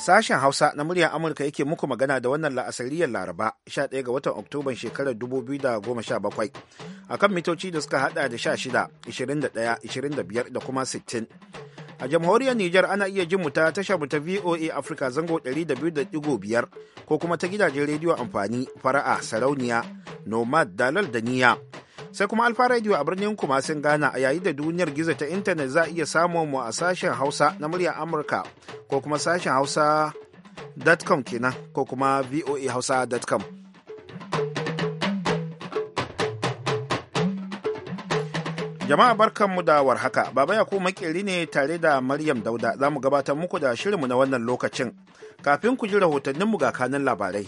Sashen Hausa na muryar Amurka yake muku magana da wannan la'asariyar Laraba 11 ga watan Oktoban shekarar 2017 kan mitoci da suka hada da 16, 21, 25 da kuma 60. a jamhuriyar Nijar ana iya jin mu ta tashar mu ta VOA Africa zango 200.5 ko kuma ta gidajen rediyo amfani fara'a sarauniya nomad dalal da niya sai kuma alfa radio a birnin kuma sun ghana a yayi da duniyar gizo ta intanet za a iya samun mu a sashen hausa na muryar amurka ko kuma sashen hausa.com kenan ko kuma voahausa.com jama'a barkanmu da warhaka baba yaku makeri ne tare da maryam dauda za mu gabatar muku da shirinmu na wannan lokacin kafin ku ji rahotanninmu ga kanin labarai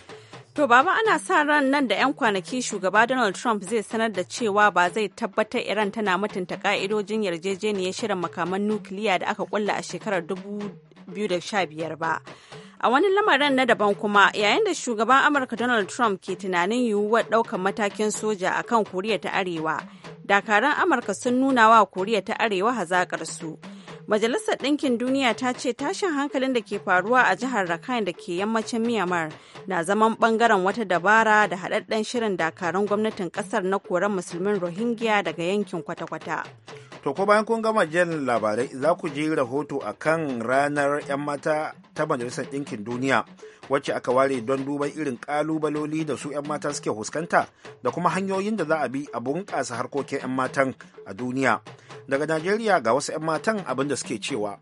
To baba ana sa ran nan da 'yan kwanaki shugaba Donald Trump zai sanar da cewa ba zai tabbatar Iran tana mutunta ka'idojin yarjejeniyar shirin makaman nukiliya da aka kulla a shekarar 2015 ba. A wani lamarin na daban kuma yayin da shugaban Amurka Donald Trump ke tunanin yiwuwar ɗaukar matakin soja a kan Koriya ta Arewa, dakaran Amurka sun nuna wa Koriya ta Arewa hazaƙarsu. su. Majalisar Ɗinkin Duniya ta ce tashin hankalin da ke faruwa a jihar Rakhine da ke yammacin Myanmar na zaman bangaren wata dabara da haɗaɗɗen shirin dakarun gwamnatin ƙasar na koren musulmin Rohingya daga yankin kwata-kwata. To ko bayan kun gama jan labarai za ku ji rahoto a kan ranar 'yan mata ta Majalisar Ɗinkin Duniya wacce aka ware don duban irin ƙalubaloli da su 'yan mata suke fuskanta da kuma hanyoyin da za a bi a bunƙasa harkokin 'yan matan a duniya. Daga Najeriya ga wasu 'yan matan abin da suke cewa.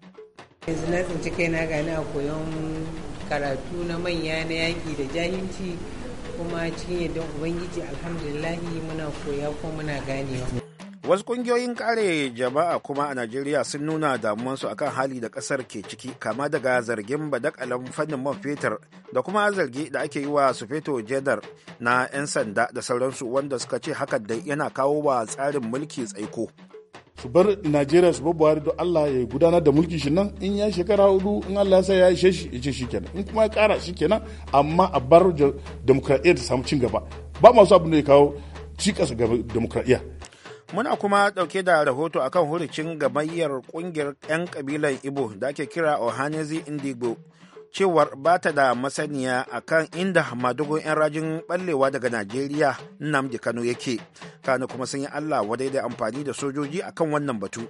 Yanzu na tsinci kaina gani a koyon karatu na manya na yaƙi da jahilci kuma cikin yadda Ubangiji alhamdulillahi muna koya ko muna ganewa. wasu kungiyoyin kare jama'a kuma a najeriya sun nuna damuwansu akan hali da kasar ke ciki kama daga zargin badakalan fannin man fetur da kuma zargi da ake yi wa sufeto jenar na 'yan sanda da sauransu wanda suka ce hakan da yana kawo wa tsarin mulki tsaiko su bar najeriya su buhari don allah ya gudanar da mulki shi nan in ya shekara hudu in allah ya ya ishe shi ishe shi kenan in kuma ya kara shi kenan amma a bar demokradiyya ta samu cin gaba ba masu abin da ya kawo cikas ga demokradiyya Muna kuma ɗauke da rahoto akan hurucin gamayyar ƙungiyar 'yan kabilar Ibo da ake kira Ohanezi Indigo cewar ba ta da masaniya a kan inda madugun 'yan rajin ɓallewa daga Najeriya Nnamdi Kano yake. Kano kuma sun yi Allah wadai da amfani da sojoji akan wannan batu.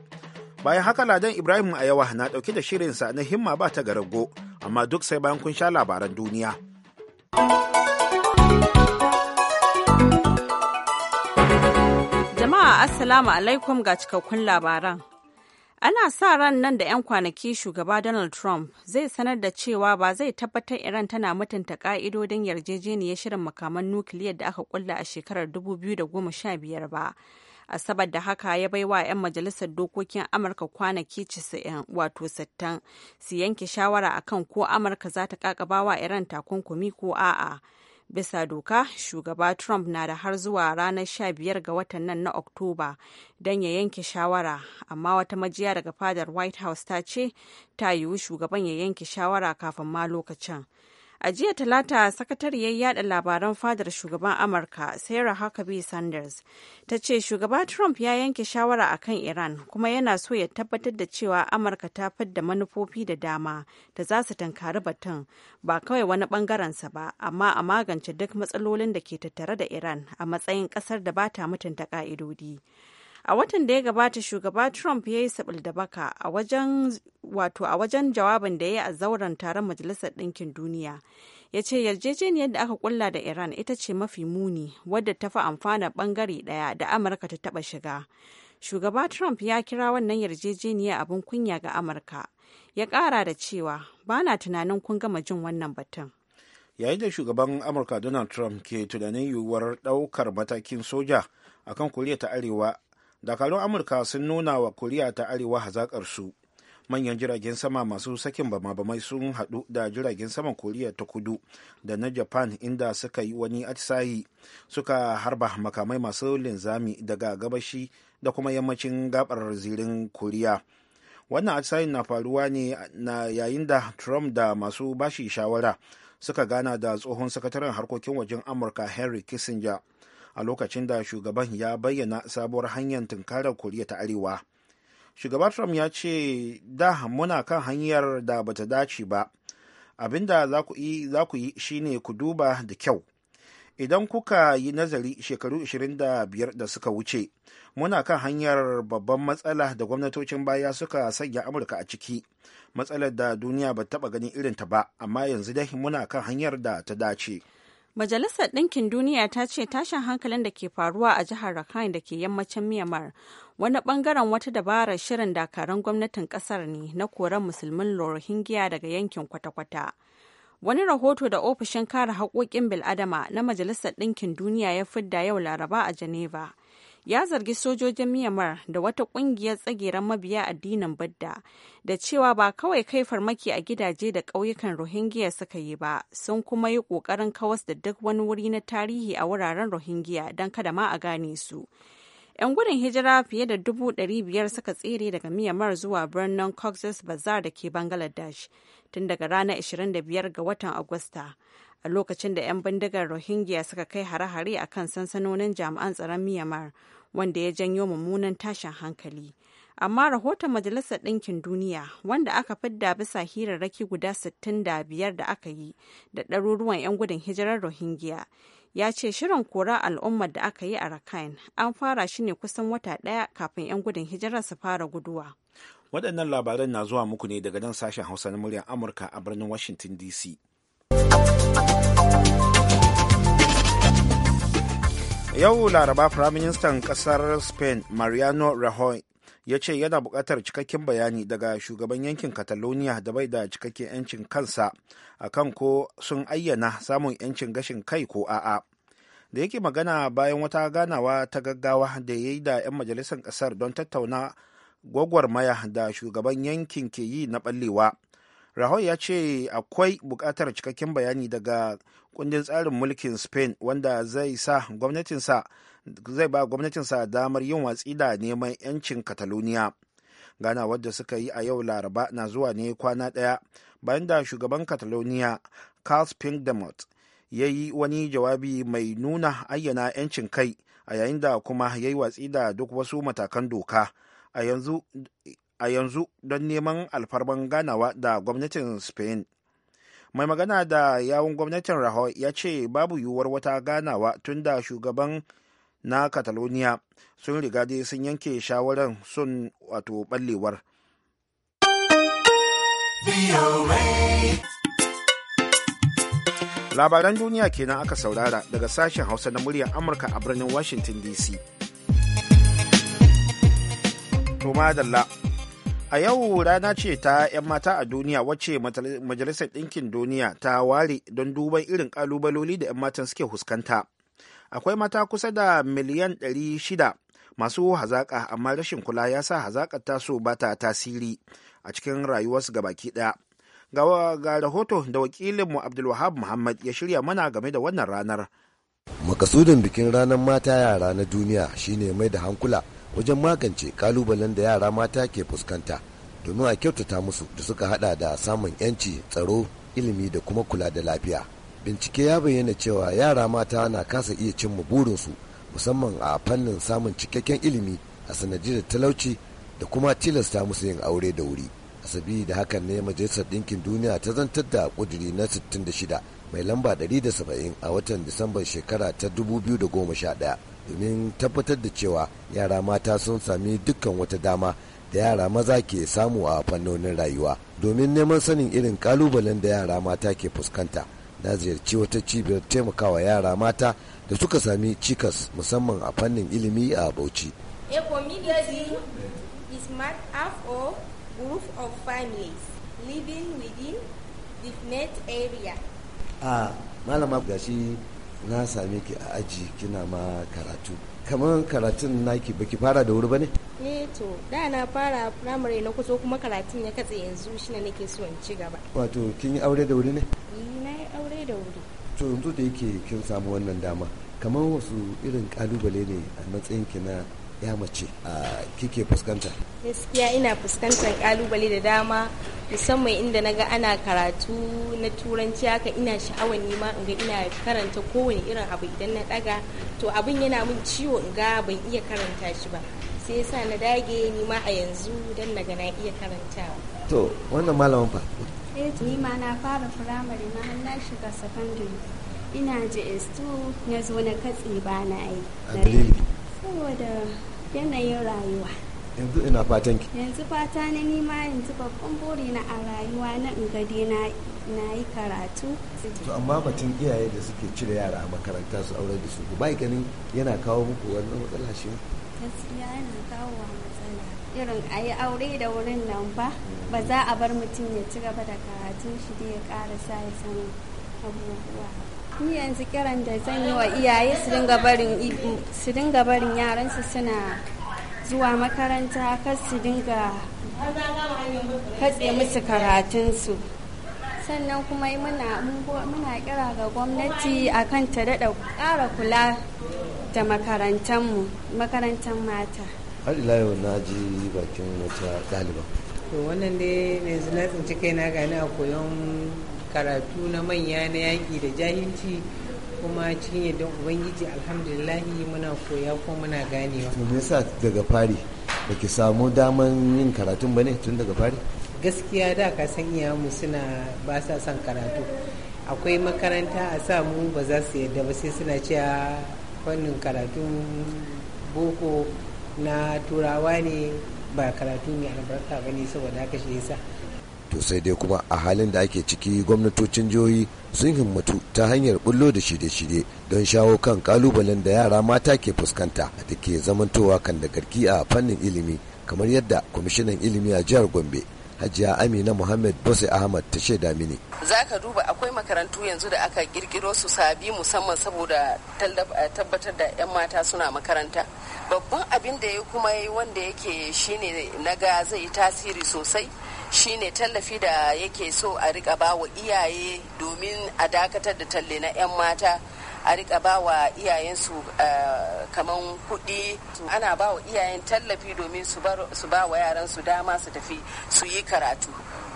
Bayan haka Ladan Ibrahim Ayawa na ɗauke da shirinsa na himma ba ta garago, amma duk sai bayan kun sha labaran duniya. Jama'a Assalamu alaikum ga cikakkun labaran. Ana sa ran nan da 'yan kwanaki shugaba Donald Trump zai sanar da cewa ba zai tabbatar Iran tana mutunta ka'idodin yarjejeniyar shirin makaman nukiliyar da aka kulla a shekarar 2015 ba. Asabar da haka ya baiwa 'yan majalisar dokokin Amurka kwanaki 90 wato 60 su yanke shawara akan ko Amurka za ta kakaba wa Iran takunkumi ko a'a. bisa doka shugaba trump na da har zuwa ranar 15 ga watan nan na oktoba don ya yanke shawara amma wata majiya daga fadar white house ta ce ta yiwu shugaban ya yanke shawara kafin ma lokacin A jiya Talata, sakatariyar yada labaran fadar shugaban Amurka, Sarah Huckabee Sanders, ta ce shugaba Trump ya yanke shawara a kan Iran kuma yana so ya tabbatar da cewa Amurka ta fidda manufofi da dama da za su tankari batun ba kawai wani bangarensa ba, amma a magance duk matsalolin da ke tattare da Iran a matsayin kasar da ba ta mutunta ka'idodi. a watan da ya gabata shugaba trump ya yi sabil da baka wajen wato a wajen jawabin da ya yi a zauren taron majalisar ɗinkin duniya ya ce yarjejeniyar da aka kulla da iran ita ce mafi muni wadda ta fi amfana bangare daya da amurka ta taba shiga shugaba trump ya kira wannan yarjejeniyar abin kunya ga amurka ya kara da cewa ba na tunanin kun gama jin wannan batun yayin da shugaban amurka donald trump ke tunanin yiwuwar daukar matakin soja akan koriya ta arewa dakarun amurka sun nuna wa koriya ta arewa hazaƙarsu manyan jiragen sama masu sakin bama-bamai sun hadu da jiragen saman koriya ta kudu da na japan inda suka yi wani atisayi suka harba makamai masu linzami daga gabashi da kuma yammacin gabar zirin koriya wannan atisayin na faruwa ne na yayin da trump da masu bashi shawara suka gana da tsohon sakataren harkokin wajen amurka henry kissinger a lokacin da shugaban ya bayyana sabuwar hanyar tunkarar koriya ta arewa shugaba trump ya ce da muna kan hanyar da bata dace ba abinda za ku yi shine ku duba da kyau idan kuka yi nazari shekaru 25 da suka wuce muna kan hanyar babban matsala da gwamnatocin baya suka sanya amurka a ciki matsalar da duniya ba taba ganin irinta ba amma yanzu dai muna kan hanyar da ta dace Majalisar Ɗinkin Duniya ta ce tashin hankalin da ke faruwa a jihar Rakhine da ke yammacin Myanmar wani bangaren wata dabarar shirin dakarun gwamnatin ƙasar ne na koren musulmin Rohingya daga yankin kwata-kwata. Wani rahoto da ofishin kare haƙoƙin bil'adama na Majalisar Ɗinkin Duniya ya fidda yau Laraba a Geneva ya zargi sojojin Myanmar da wata kungiyar tsageren mabiya addinin Badda, da cewa ba kawai kai farmaki a gidaje da ƙauyukan Rohingya suka yi ba, sun kuma yi ƙoƙarin kawas da duk wani wuri na tarihi a wuraren Rohingya don kada ma a gane su. 'Yan gudun hijira fiye da dubu ɗari biyar suka tsere daga Myanmar zuwa birnin Cox's Bazar da ke Bangladesh tun daga ranar 25 ga watan Agusta. a lokacin da 'yan bindigar rohingya suka kai hare-hare a kan sansanonin jami'an tsaron myanmar wanda ya janyo mummunan tashin hankali amma rahoton majalisar ɗinkin duniya wanda aka fidda bisa hirarraki guda 65 da aka yi da ɗaruruwan 'yan gudun hijirar rohingya ya ce shirin kora al'ummar da aka yi a rakhine an fara shi ne kusan wata ɗaya kafin 'yan gudun hijirar su fara guduwa waɗannan labaran na zuwa muku ne daga nan sashen hausa na muryar amurka a birnin washington dc yau laraba firaministan ƙasar spain mariano rajoy ya ce yana buƙatar cikakken bayani daga shugaban yankin catalonia da bai da cikakken 'yancin kansa a kan ko sun ayyana samun 'yancin gashin kai ko a'a da yake magana bayan wata ganawa ta gaggawa da ya yi da 'yan majalisar ƙasar don tattauna gwagwarmaya da shugaban yankin ke yi na ɓallewa rahoy ya ce akwai bukatar cikakken bayani daga kundin tsarin mulkin spain wanda zai sa gwamnatinsa zai ba gwamnatinsa damar yin watsi da neman 'yancin catalonia gana wadda suka yi a yau laraba na zuwa ne kwana daya bayan da shugaban catalonia carles spindemot ya yi wani jawabi mai nuna ayyana 'yancin kai a yayin da kuma ya yi watsi da duk wasu matakan doka a yanzu don neman alfarman ganawa da gwamnatin spain mai magana da yawun gwamnatin rahoy ya ce babu yiwuwar wata ganawa tun da shugaban na catalonia sun riga dai sun yanke shawarar sun wato ballewar labaran duniya kenan aka saurara daga sashen hausa na muryar amurka a birnin washington dc To Dalla. A yau rana ce ta 'yan mata a duniya wacce Majalisar Ɗinkin Duniya ta ware don duban irin ƙalubaloli da 'yan matan suke huskanta. Akwai mata kusa da miliyan 600 masu hazaƙa amma rashin kula ya sa hazaƙar tasu ba ta tasiri a cikin rayuwarsu ga baki ɗaya. Ga rahoto da wakilinmu Abdulwahab Muhammad ya shirya mana game da wannan ranar. Makasudin bikin ranar mata yara na duniya shine mai da hankula wajen magance kalubalen da yara mata ke fuskanta domin a kyautata musu da suka hada da samun yanci tsaro ilimi da kuma kula da lafiya bincike ya bayyana cewa yara mata na kasa iya cimma burinsu musamman a fannin samun cikakken ilimi a sanadiyar talauci da kuma tilasta musu yin aure da wuri asabi da hakan ne majalisar ɗinkin duniya ta zantar da ƙuduri na 66 mai lamba 170 a watan disambar shekara ta 2011 domin tabbatar da cewa yara mata sun sami dukkan wata dama da yara maza ke samu a fannonin rayuwa domin neman sanin irin kalubalen da yara mata ke fuskanta na ziyarci wata cibiyar taimakawa yara mata da suka sami cikas musamman a fannin ilimi a bauchi group of families living within Ah, malama gashi na same ki a aji kina ma karatu kamar karatun naki baki fara da wuri ba ne? eh to da na fara firamare na kuso kuma karatun ya katse yanzu shi ne nake so in ci gaba wato kin yi aure da wuri ne? Eh, na yi aure da wuri to yanzu da yake kin samu wannan dama kamar wasu irin kalubale ne a matsayin ki na ya mace a kike fuskanta gaskiya ina fuskantar kalubale da dama musamman inda naga ana karatu na turanci haka ina sha'awar nima in ga ina karanta kowane irin abu idan na daga to abin yana min ciwo in ga ban iya karanta shi ba sai yasa na dage nima a yanzu dan naga na iya karantawa to wannan malamin fa eh ni ma na fara firamare ma har na shiga secondary ina js2 na zo na katse ba na yi saboda yanayin rayuwa yanzu ina fatan ki yanzu fata na nima yanzu babban buri na a rayuwa na ingade gade na yi karatu to amma batun iyaye da suke cire yara a makaranta su aure da su ba ganin yana kawo muku wannan matsala shi gaskiya yana kawo wa matsala irin a yi aure da wurin nan ba ba za a bar mutum ya ci gaba da karatun shi da ya karasa ya samu abubuwa ni yanzu kiran da zan yi wa iyaye su dinga barin yaransu suna zuwa makaranta kar su dinga katse musu karatunsu sannan kuma muna kira ga gwamnati a kan ta daɗa ƙara kula da makarantanmu makarantar mata har ila yau na ji bakin wata ɗaliba to wannan dai yanzu na tsinci na gani a koyon karatu na manya na yaƙi da jahilci kuma cikin yadda ubangiji alhamdulillahi muna koya ko muna ganewa tun nesa daga fari baki samu daman yin karatun ba ne tun daga fari gaskiya da ka san mu suna ba sa son karatu akwai makaranta a samu ba za su yadda ba sai suna cewa fannin karatun boko na turawa ne ba karatu mai albarka ba ne saboda haka shi yasa to sai dai kuma a halin da ake ciki gwamnatocin jihohi sun himmatu ta hanyar bullo da shirye-shirye don shawo kan kalubalen da yara mata ke fuskanta da ke zamantowa kan da garki a fannin ilimi kamar yadda kwamishinan ilimi a jihar gombe hajiya amina muhammad bose ahmad ta shaida mini za ka duba akwai makarantu yanzu da aka kirkiro su sabi musamman saboda eh, tabbatar da 'yan mata suna makaranta babban abin da ya kuma yi wanda yake shine na ga zai tasiri sosai shine tallafi da yake so a rika ba wa iyaye domin a dakatar da talle na 'yan mata a rika ba wa iyayensu eh, kaman kuɗi ana ba wa iyayen tallafi domin su ba wa yaransu dama su tafi su yi karatu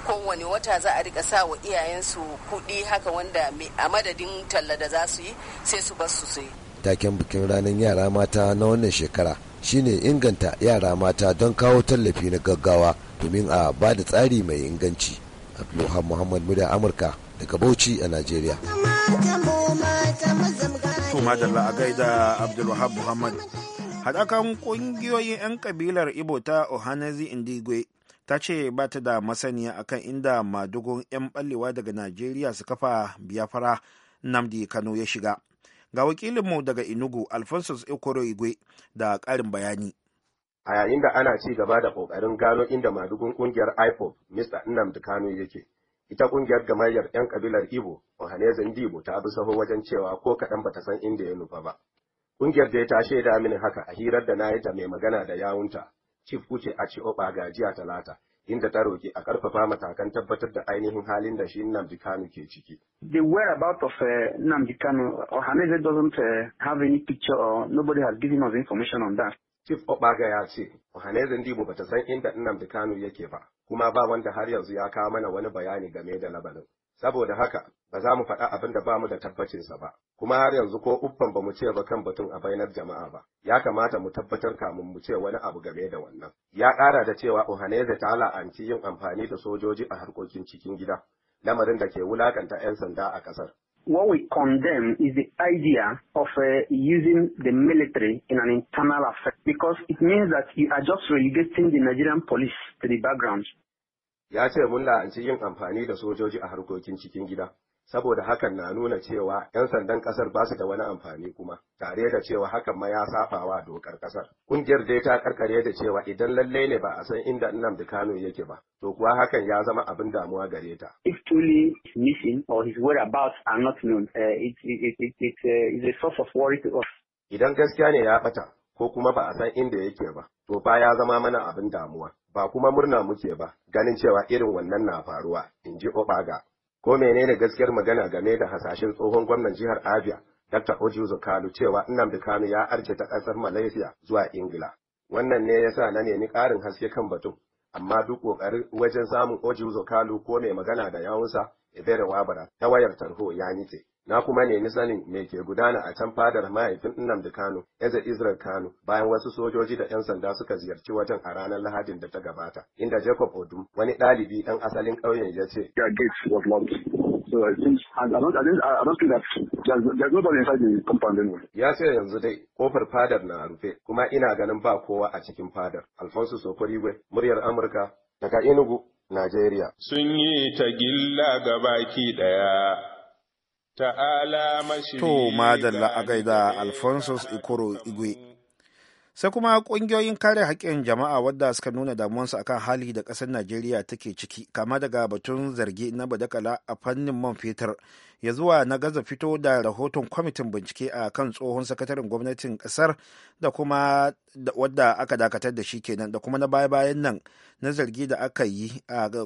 kowane wata za a rika sa wa iyayensu kuɗi haka wanda a madadin talla da za su yi sai su bar su sai taken bikin ranar yara mata na wannan shekara shine inganta yara mata don kawo tallafi na gaggawa domin a ba da tsari mai inganci abdulhamid muhammad muda amurka daga bauchi a najeriya to madalla a gaida abdulwahab muhammad haɗakan ƙungiyoyin 'yan kabilar ibo ta ohanazi indigwe ta ce ba ta da masaniya akan inda madugun 'yan ɓallewa daga najeriya su kafa biyafara namdi kano ya shiga ga wakilinmu daga inugu alphonsus ikoro igwe da ƙarin bayani a yayin da ana ci gaba da ƙoƙarin gano inda madugun ƙungiyar ipop Mr. Nnamdi Kanu yake. Ita ƙungiyar gamayyar 'yan kabilar Igbo, Ohanezen Dibo ta bi saho wajen cewa ko kaɗan bata san inda ya nufa ba. Ƙungiyar da ta shaida mini haka a hirar da na yi ta mai magana da yawunta, Chief Kuce a ga jiya talata, inda ta roƙi a ƙarfafa matakan tabbatar da ainihin halin da shi Nnamdi Kanu ke ciki. The whereabout of uh, Nnamdi Kanu, Ohaneze doesn't uh, have any picture or nobody has given us information on that. Chief Obaga ya ce, Ohaneze Ndibu bata san inda da Kano yake ba, kuma ba wanda har yanzu ya kawo mana wani bayani game da labarin. Saboda haka, ba za mu faɗa abin da ba mu da tabbacinsa ba, kuma har yanzu ko uffan ba mu ce ba kan batun a bainar jama'a ba, ya kamata mu tabbatar kamun mu ce wani abu game da wannan. Ya ƙara da cewa Ohaneze ta la'anci yin amfani da sojoji a harkokin cikin gida, lamarin da ke wulakanta 'yan sanda a ƙasar. What we condemn is the idea of uh, using the military in an internal affair because it means that you are just relegating the Nigerian police to the background. Ya ce mun la'anci yin amfani da sojoji a harkokin cikin gida. saboda hakan na nuna cewa 'yan sandan kasar ba su da wani amfani kuma tare da cewa hakan ma ya saba wa dokar kasar kungiyar dai ta karkare da cewa idan lalle ne ba a san inda Nnamdi Kano yake ba to kuwa hakan ya zama abin damuwa gare ta if truly missing or his whereabouts are not known eh, it, it, it, it eh, is a source of worry to us idan gaskiya ne ya bata ko kuma ba a san inda yake ba to ba ya zama mana abin damuwa ba kuma murna muke ba ganin cewa irin wannan na faruwa in ji Obaga ko menene gaskiyar magana game da hasashen tsohon gwamnan jihar Abia Dr. Ojiuzo Kalu cewa Nnamdi Kanu ya arce ta ƙasar Malaysia zuwa Ingila. Wannan ne yasa na nemi ƙarin haske kan batun, amma duk ƙoƙarin wajen samun Ojiuzo Kalu ko mai magana da yawunsa Ebere Wabara ta wayar tarho ya nitse. na kuma nemi sanin me ke gudana a can fadar mahaifin Namdi Kano, Eze Israel Kano, bayan wasu sojoji da 'yan sanda suka ziyarci wajen a ranar Lahadin da ta gabata, inda Jacob Odum, wani ɗalibi ɗan asalin ƙauyen ya ce. Ya ce yanzu dai kofar fadar na rufe kuma ina ganin ba kowa a cikin fadar. Alfonso Sokoriwe, muryar Amurka, daga Enugu, Najeriya. Sun yi ta gilla ga baki ɗaya. ta'ala mashi to madalla a gaida alphonsus ikoro igwe sai kuma kungiyoyin kare haƙƙin jama'a wadda suka nuna damuwansu akan hali da ƙasar najeriya take ciki kama daga batun zargi na badakala a fannin man fetur ya zuwa na gaza fito da rahoton kwamitin bincike a kan tsohon sakataren gwamnatin ƙasar da kuma wadda aka dakatar da shi kenan da kuma na baya-bayan nan na zargi da aka yi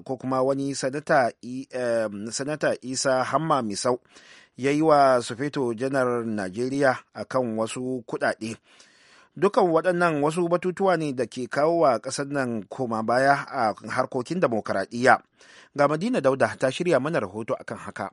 ko kuma wani e, sanata isa hamma misau ya yi wa sufeto janar najeriya akan wasu kuɗaɗe dukan waɗannan wasu batutuwa ne da ke kawo wa ƙasar nan koma baya a harkokin demokaradiyya ga madina dauda ta shirya mana rahoto akan haka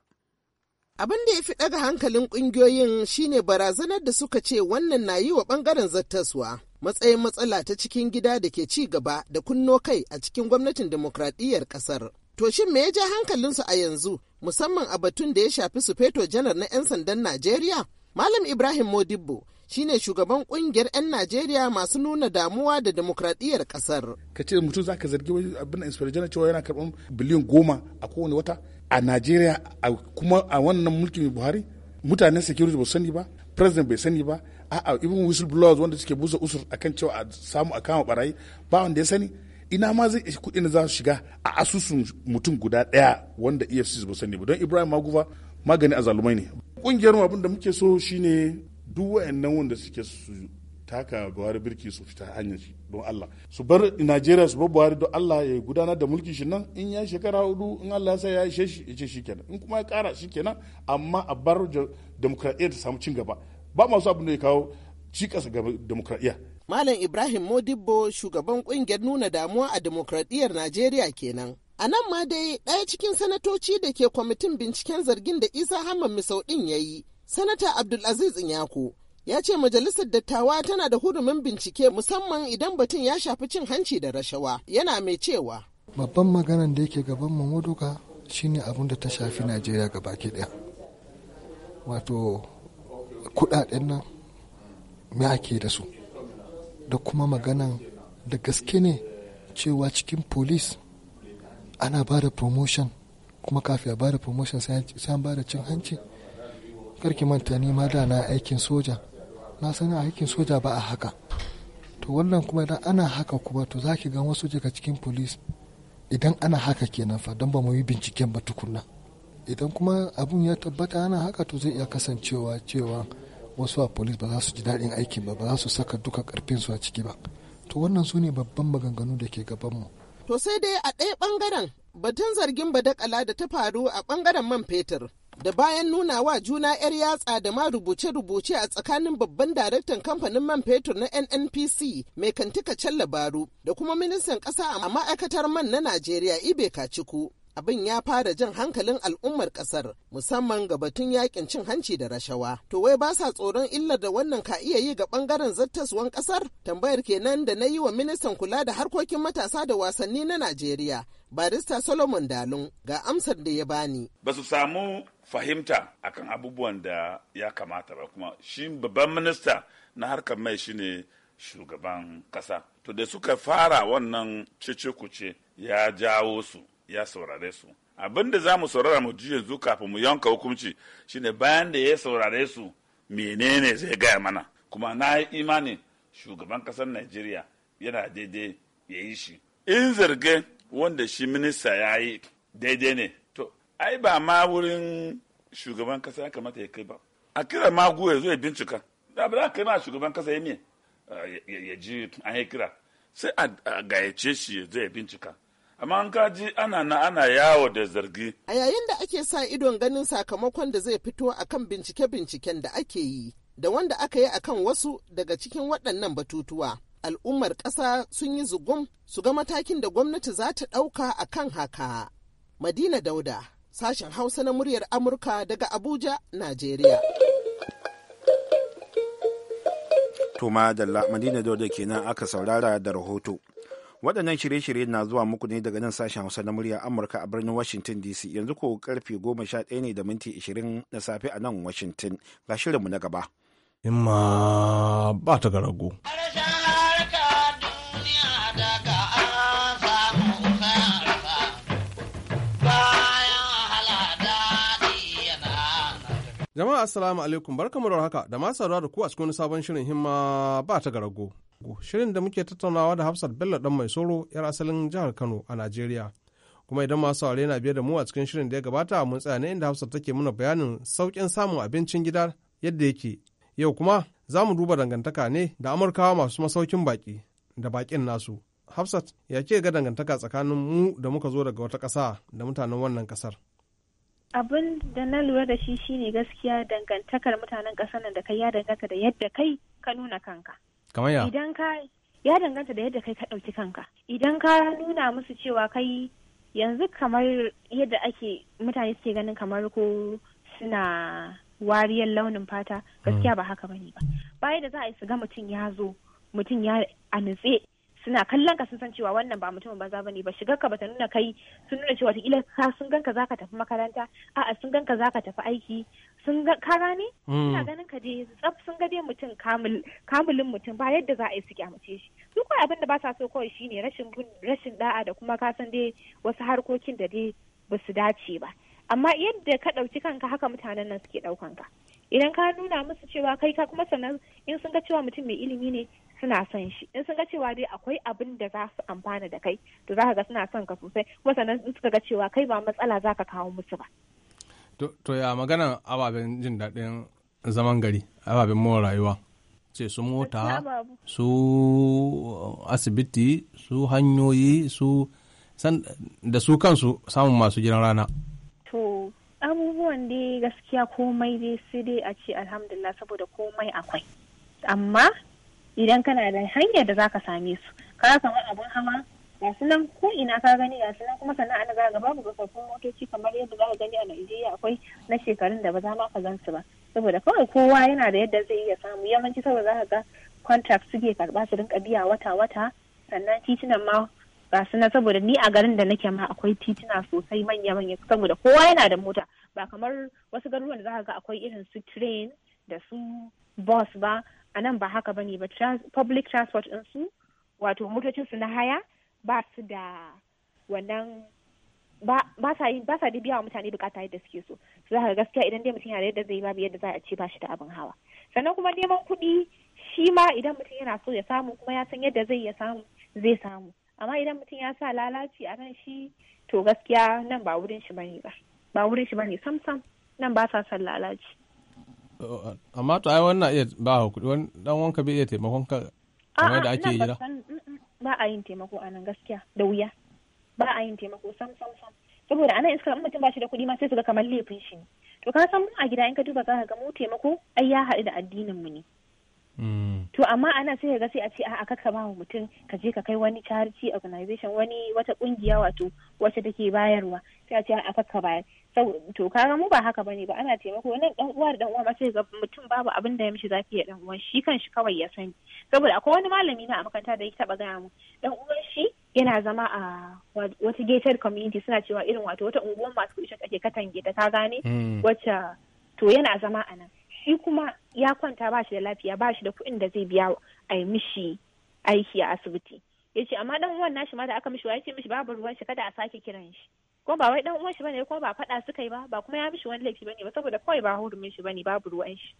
abin da ya fi ɗaga hankalin ƙungiyoyin shine barazanar da suka ce wannan na yi wa ɓangaren zattaswa matsayin matsala ta cikin gida da ke ci gaba da kunno kai a cikin gwamnatin demokradiyyar ƙasar to shin me ya ja hankalinsu a yanzu musamman a batun da ya shafi su Feto janar na 'yan sandan najeriya malam ibrahim modibbo shine shugaban kungiyar 'yan Najeriya masu nuna damuwa da demokradiyyar kasar. Ka ce mutum za ka zargi wani abin inspira jana cewa yana karɓar biliyan goma a kowane wata a Najeriya kuma a wannan mulkin Buhari mutanen security ba sani ba president bai sani ba a a'a ibin whistleblowers wanda suke busa usur akan cewa a samu a kama barayi ba wanda ya sani ina ma zai ishi kuɗin za su shiga a asusun mutum guda ɗaya wanda efcc ba sani ba don ibrahim magufa magani a zalumai ne ƙungiyar abin da muke so shine duk wa'annan wanda suke su taka buhari birki su fita hanyar shi don allah su bar nigeria su bar buhari don allah ya gudanar da mulki shi nan in ya shekara hudu in allah ya sa ya ishe shi ya shi kenan in kuma ya kara shi kenan amma a bar demokradiyya ta samu cin gaba ba masu abin da ya kawo ci ga gaba demokradiyya malam ibrahim modibbo shugaban kungiyar nuna damuwa a demokradiyyar najeriya kenan A nan ma dai ɗaya cikin sanatoci da ke kwamitin binciken zargin da Isa Hamman Misau ɗin ya yi, Sanata Abdulaziz Inyako ya ce majalisar dattawa tana da hurumin bincike musamman idan batun ya shafi cin hanci da rashawa yana mai cewa. Babban maganan da yake gaban mu shine abin da ta shafi Najeriya ga baki ɗaya. Wato kuɗaɗen nan me ake da su da kuma maganan da gaske ne cewa cikin police ana ba da promotion kuma kafin a ba da promotion sai an ba da cin hanci. karki manta ni ma da na aikin soja na san aikin soja ba a haka to wannan kuma idan ana haka kuma to za ki ga wasu daga cikin polis idan ana haka kenan fa don ba mu yi binciken ba tukunna idan kuma abun ya tabbata ana haka to zai iya kasancewa cewa wasu a polis ba za su ji daɗin aikin ba ba za su saka duka karfin su a ciki ba to wannan su ne babban maganganu da ke gaban mu to sai dai a ɗaya bangaren batun zargin badakala da ta faru a bangaren man fetur da bayan nuna wa juna 'yar yatsa da ma rubuce-rubuce a tsakanin babban daraktan kamfanin man fetur na nnpc mai kantika can labaru da kuma ministan ƙasa a ma'aikatar man na najeriya ibe kaciku abin ya fara jan hankalin al'ummar kasar musamman ga batun yakin cin hanci da rashawa. To wai ba sa tsoron illar da wannan ka iya yi ga bangaren zattaswan kasar? Tambayar kenan da na yi wa ministan kula da harkokin matasa da wasanni na Najeriya, barista Solomon Dalun ga amsar da ya bani. Ba su samu fahimta akan abubuwan da ya kamata ba kuma shi babban minista na harkar mai shine shugaban kasa. To da suka fara wannan cece kuce ya jawo su ya saurare su abin da za mu saurara mu ji yanzu kafin mu yanka hukunci shine bayan da ya saurare su menene zai gaya mana kuma na yi imani shugaban kasar najeriya yana daidai ya yi shi in zarge wanda shi minista ya yi daidai ne to ai ba ma wurin shugaban kasa ya kamata ya kai ba a kira magu ya zo bincika da ba za ka ma shugaban kasa ya miye ya ji an yi kira sai a gayyace shi ya ya bincika amma an kaji ana na ana yawo da zargi. A yayin da ake sa idon ganin sakamakon da zai fito a kan bincike-binciken da ake yi, da wanda aka yi akan wasu daga cikin waɗannan batutuwa. Al'ummar ƙasa sun yi zugum su ga matakin da gwamnati za ta ɗauka a kan haka. Madina Dauda, sashen Hausa na muryar Amurka daga Abuja, Najeriya. Tuma da Madina Dauda kenan aka saurara da rahoto. waɗannan shirye-shirye na zuwa muku ne daga nan sashen hausa na murya amurka a birnin washington dc yanzu ko karfe goma sha ɗaya ne da minti ashirin na safe a nan washington ga shirinmu na gaba ma ba ta garago. Jama'a assalamu alaikum barkamu da haka da masu da ku a cikin wani sabon shirin himma ba ta garago. Shirin da muke tattaunawa da Hafsat Bello dan mai soro yar asalin jihar Kano a Najeriya. Kuma idan masu saurare na biye da mu a cikin shirin da ya gabata mun tsaya ne inda Hafsat take muna bayanin saukin samun abincin gida yadda yake. Yau kuma za mu duba dangantaka ne da Amurkawa masu masaukin baƙi da baƙin nasu. Hafsat ya ke ga dangantaka tsakanin mu da muka zo daga wata ƙasa da mutanen wannan ƙasar. abin da na lura da shi shine gaskiya dangantakar mutanen ƙasar nan da kai ya danganta da yadda kai ka nuna kanka kamar ya idan ka ya danganta da yadda kai ka ɗauki kanka idan ka nuna musu cewa kai yanzu kamar yadda ake mutane suke ganin kamar ko suna wariyar launin fata gaskiya hmm. ba haka bane ba baya da za a yi su ga mutum ya zo mutum ya a nutse suna kallon ka sun san cewa wannan ba mutumin banza bane ba shigar ka bata nuna kai sun nuna cewa kila ka sun ganka zaka tafi makaranta a'a sun ganka zaka tafi aiki sun ga ka gane hmm. suna ganin ka je tsaf sun ga dai mutum kamulin mutum ba yadda za a yi su kyamace shi Duk kawai abin da ba sa so kawai shine rashin rashin da'a da kuma ka san dai wasu harkokin da dai ba su dace ba amma yadda ka ɗauki kanka haka mutanen nan suke ɗaukan ka idan ka nuna musu cewa kai ka kuma sannan in sun ga cewa mutum mai ilimi ne suna son shi in sun ga cewa dai akwai abin da za su amfana da kai to za ka ga suna son ka sosai kuma sannan in suka ga cewa kai ba matsala za ka kawo musu ba. to ya maganan ababen jin daɗin zaman gari ababen more rayuwa ce su mota su uh, asibiti su hanyoyi su da su kansu samun masu gidan rana. to abubuwan dai gaskiya komai dai sai dai a ce alhamdulillah saboda komai akwai amma idan kana da hanyar da zaka same su ka kamar abun hawa ga su nan ko ina ka gani ga su nan kuma sannan ana zaga babu tsofaffin motoci kamar yadda za ka gani a Najeriya akwai na shekarun da ba za ma ka gan su ba saboda kawai kowa yana da yadda zai iya samu yawanci saboda za ka ga contract suke karba su rinka biya wata wata sannan titunan ma ga su nan saboda ni a garin da nake ma akwai tituna sosai manya manya saboda kowa yana da mota ba kamar wasu garuruwan da za ka ga akwai irin su train da su bus ba a nan ba haka bane ba public transport su wato motocin su na haya ba su da wannan ba sa yi ba sa da biya wa mutane bukata yadda suke so su za gaskiya idan dai mutum yana da yadda zai babu yadda za a ce ba shi da abin hawa sannan kuma neman kuɗi shi ma idan mutum yana so ya samu kuma ya san yadda zai ya samu zai samu amma idan mutum ya sa lalaci a ran shi to gaskiya nan ba wurin shi bane ba ba wurin shi bane sam sam nan ba sa son lalaci amma to ai wannan iya ba hakuri wani dan wanka bai iya taimakon ka kamar da ake yi da mm, mm, ba a yin taimako a nan gaskiya da wuya ba a yin taimako sam sam sam saboda ana iska in mutum ba shi da kuɗi ma sai su ga kamar laifin shi ne to ka san mu a gida in ka duba za ka ga mu taimako ai ya haɗu da addinin mu ne Mm. To amma ana sai ga sai a ce a kaka ma mutum ka je ka kai wani charity organization wani wata kungiya wato wacce take bayarwa sai a ce a kaka bayar. To kaga mu ba haka bane ba ana taimako wannan dan uwa da dan uwa ma sai ga mutum babu abin da ya mishi zafi ya dan uwan shi kanshi kawai ya sani. Saboda akwai wani malami na a makaranta da ya taba gaya mu dan uwan shi yana zama a wata gated community suna cewa irin wato wata unguwar masu kuɗi ake katange ta ka gane mm. wacce to yana zama a nan. Shi kuma ya kwanta ba shi da lafiya ba shi da kuɗin da zai biya a mishi aiki a asibiti ya ce amma dan uwan nashi ma da aka mishi ya ce mishi babu ruwan shi kada a sake kiran shi ko ba wai dan uwan shi bane ko ba faɗa suka yi ba ba kuma ya mishi wani laifi bane ba saboda kawai ba hurumin shi bane babu ruwan shi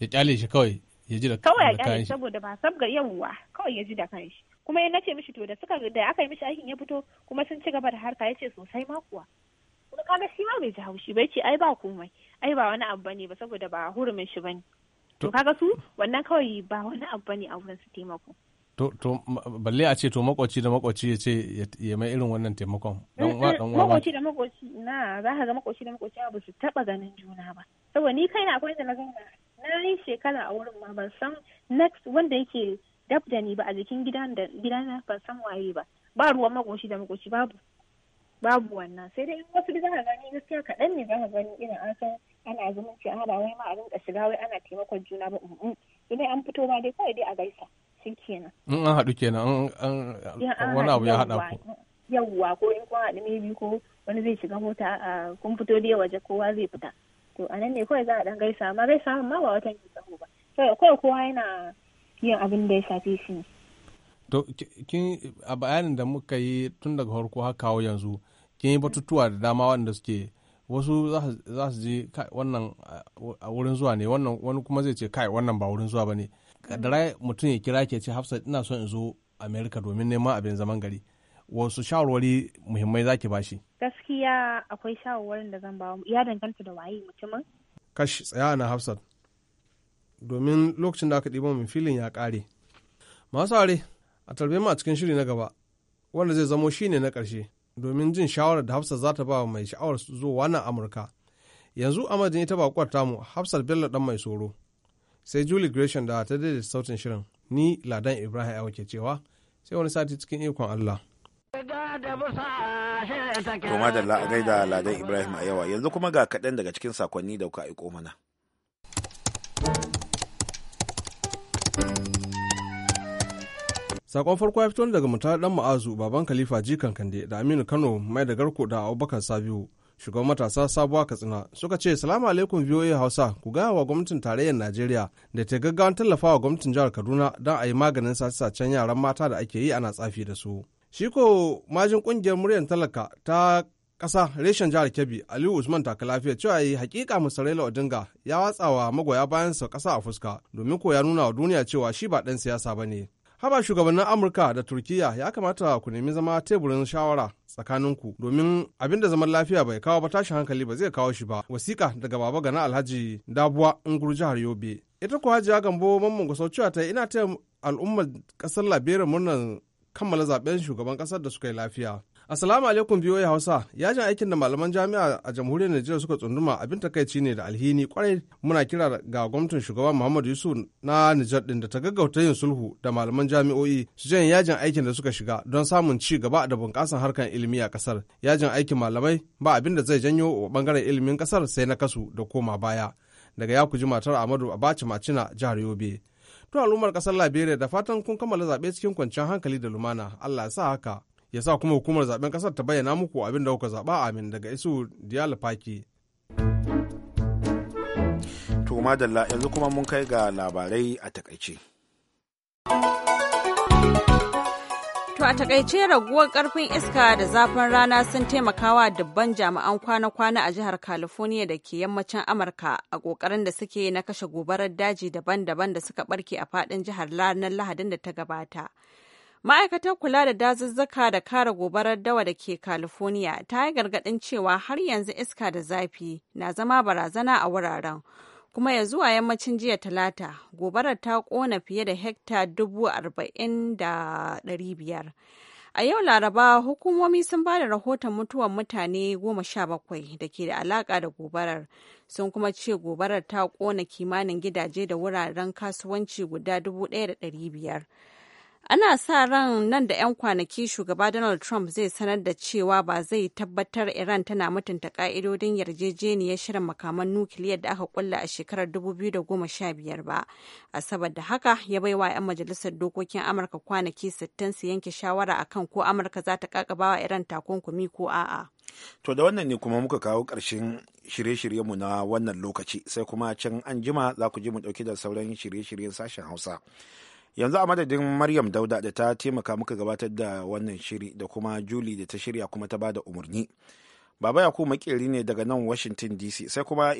ya kyale shi kawai ya ji da kawai ya kyale saboda ba sabga yawwa kawai ya ji da kanshi kuma ya nace mishi to da suka da aka yi mishi aikin ya fito kuma sun ci gaba da harka ya ce sosai ma kuwa kuma kaga shi ma bai ji haushi bai ce ai ba komai ai ba wani abu bane ba saboda ba hurumin shi bane to kaga su wannan kawai ba wani abu bane a wurin su taimako to to balle a ce to makwaci da makwaci ya ce ya mai irin wannan taimakon eh, dan wa eh, dan wa makwaci da makwaci na za ka ga makwaci da makwaci ba su taba ganin juna ba saboda ni kai na akwai da na zauna na yi shekara a wurin ma ban san next wanda yake dab da ni ba a jikin gidan da gidana ban san waye ba ba ruwan makwaci da makwaci babu babu wannan sai dai wasu da za gani gaskiya kaɗan ne za gani irin an san ana zumunci ana wai ma a rinka shiga wai ana taimakon juna ba in an fito ma dai kawai dai a gaisa sun kenan in an haɗu kenan wani abu ya haɗa ku yawwa ko in kun haɗu maybe ko wani zai shiga mota kun fito dai waje kowa zai fita to a nan ne kawai za a ɗan gaisa amma gaisa ma ba wata mai tsaho ba kawai kowa yana yin abin da ya shafe shi ne To, kin a bayanin da muka yi tun daga farko har kawo yanzu, kin yi batutuwa da dama wanda suke wasu za su je wannan a wurin zuwa ne wannan wani kuma zai ce kai wannan ba wurin zuwa ba ne kadara mutum ya kira ke ce hafsa ina son in zo america domin neman abin zaman gari wasu shawarwari muhimmai za ki bashi gaskiya akwai shawarwarin da zan ba ya danganta da waye mutumin kashi tsaya na hafsa domin lokacin da aka ɗiba min filin ya ƙare masu a tarbe mu a cikin shiri na gaba wanda zai zamo shi ne na ƙarshe domin jin shawarar da hafsa za ta ba mai sha'awar zuwa wannan amurka yanzu amadin ita bakwar tamu hafsat bello dan mai soro sai julie gresham da ta daidaita sautin shirin ni ladan ibrahim yawa ke cewa sai wani sati cikin ikon allah Koma da gaida ladan ibrahim a yawa yanzu kuma ga kaɗan daga cikin sakonni da kuka aiko mana sakon farko ya fito daga mutane dan ma'azu baban kalifa jikan kande da aminu kano mai da garko da abubakar sabiu shugaban matasa sabuwa katsina suka ce salamu alaikum voa hausa ku gaya wa gwamnatin tarayyar najeriya da ta gaggawan tallafa wa gwamnatin jihar kaduna don a yi maganin sace yaran mata da ake yi ana tsafi da su shi ko majin kungiyar muryar talaka ta kasa reshen jihar kebbi aliyu usman takalafiya cewa yi hakika musarela odinga ya watsa wa magoya bayansa kasa a fuska domin ko ya nuna wa duniya cewa shi ba dan siyasa ba ne haba shugabannin amurka da turkiya ya kamata ku nemi zama teburin shawara tsakaninku domin abin da zaman lafiya bai kawo ba tashin hankali ba zai kawo shi ba wasiƙa daga baba gana alhaji dabuwa ungur jihar yobe ita ku hajiya gambo mamman gusauciya ta ina taya al'ummar ƙasar labirin murnar kammala zaben shugaban ƙasar da suka yi lafiya Assalamu alaikum ya Hausa. Yajin aikin da malaman jami'a a jamhuriyar Najeriya suka tsunduma abin takaici ne da alhini kwarai muna kira ga gwamnatin shugaban Muhammadu Yusuf na Nijar din da ta gaggauta yin sulhu da malaman jami'o'i su janye yajin aikin da suka shiga don samun ci gaba da bunƙasar harkar ilimi a kasar Yajin aikin malamai ba abin da zai janyo wa bangaren ilimin kasar sai na kasu da koma baya. Daga ya kuji matar Ahmadu Abacha Macina jihar Yobe. To al'ummar kasar Liberia da fatan kun kammala zaɓe cikin kwanciyar hankali da lumana. Allah ya sa haka. ya sa kuma hukumar zaben kasar ta bayyana muku abin da kuka zaba amin daga isu diyal faki to madalla yanzu kuma mun kai ga labarai a takaice To a takaice raguwar karfin iska da zafin rana sun taimakawa dubban jami'an kwana-kwana a jihar California da ke yammacin Amurka a kokarin da suke na kashe gobarar daji daban-daban da suka barke a fadin jihar ranar Lahadin da ta gabata. Ma'aikatar kula da dazuzzuka da kare gobarar dawa da ke California ta yi gargaɗin cewa har yanzu iska da zafi na zama barazana a wuraren. Kuma ya zuwa yammacin jiya talata, gobarar ta ƙona fiye da hekta dubu arba'in da ɗari biyar. A yau Laraba, hukumomi sun ba da rahoton mutuwar mutane goma sha bakwai da ke da alaƙa da gobarar, sun kuma ce gobarar ta ƙona kimanin gidaje da wuraren kasuwanci guda dubu ɗaya da ɗari biyar. Ana sa ran nan da 'yan kwanaki shugaba Donald Trump zai sanar da cewa ba zai tabbatar Iran tana mutunta ka'idodin yarjejeniyar shirin makaman nukiliyar da aka kulla a shekarar 2015 ba. A saboda haka ya bai wa 'yan majalisar dokokin Amurka kwanaki 60 su yanke shawara a kan ko Amurka za ta kakaba Iran takunkumi ko a'a. To da wannan ne kuma muka kawo karshen shirye-shiryenmu na wannan lokaci sai kuma can anjima jima za ku ji mu ɗauki da sauran shirye-shiryen sashen Hausa. yanzu a madadin maryam dauda da ta taimaka muka gabatar da wannan shiri da kuma juli da ta shirya kuma ta bada umarni baba yaku makeri ne daga nan washington dc sai kuma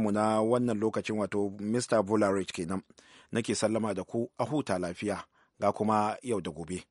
mu na wannan lokacin wato mr bullard kenan nake sallama da ku a huta lafiya ga kuma yau da gobe.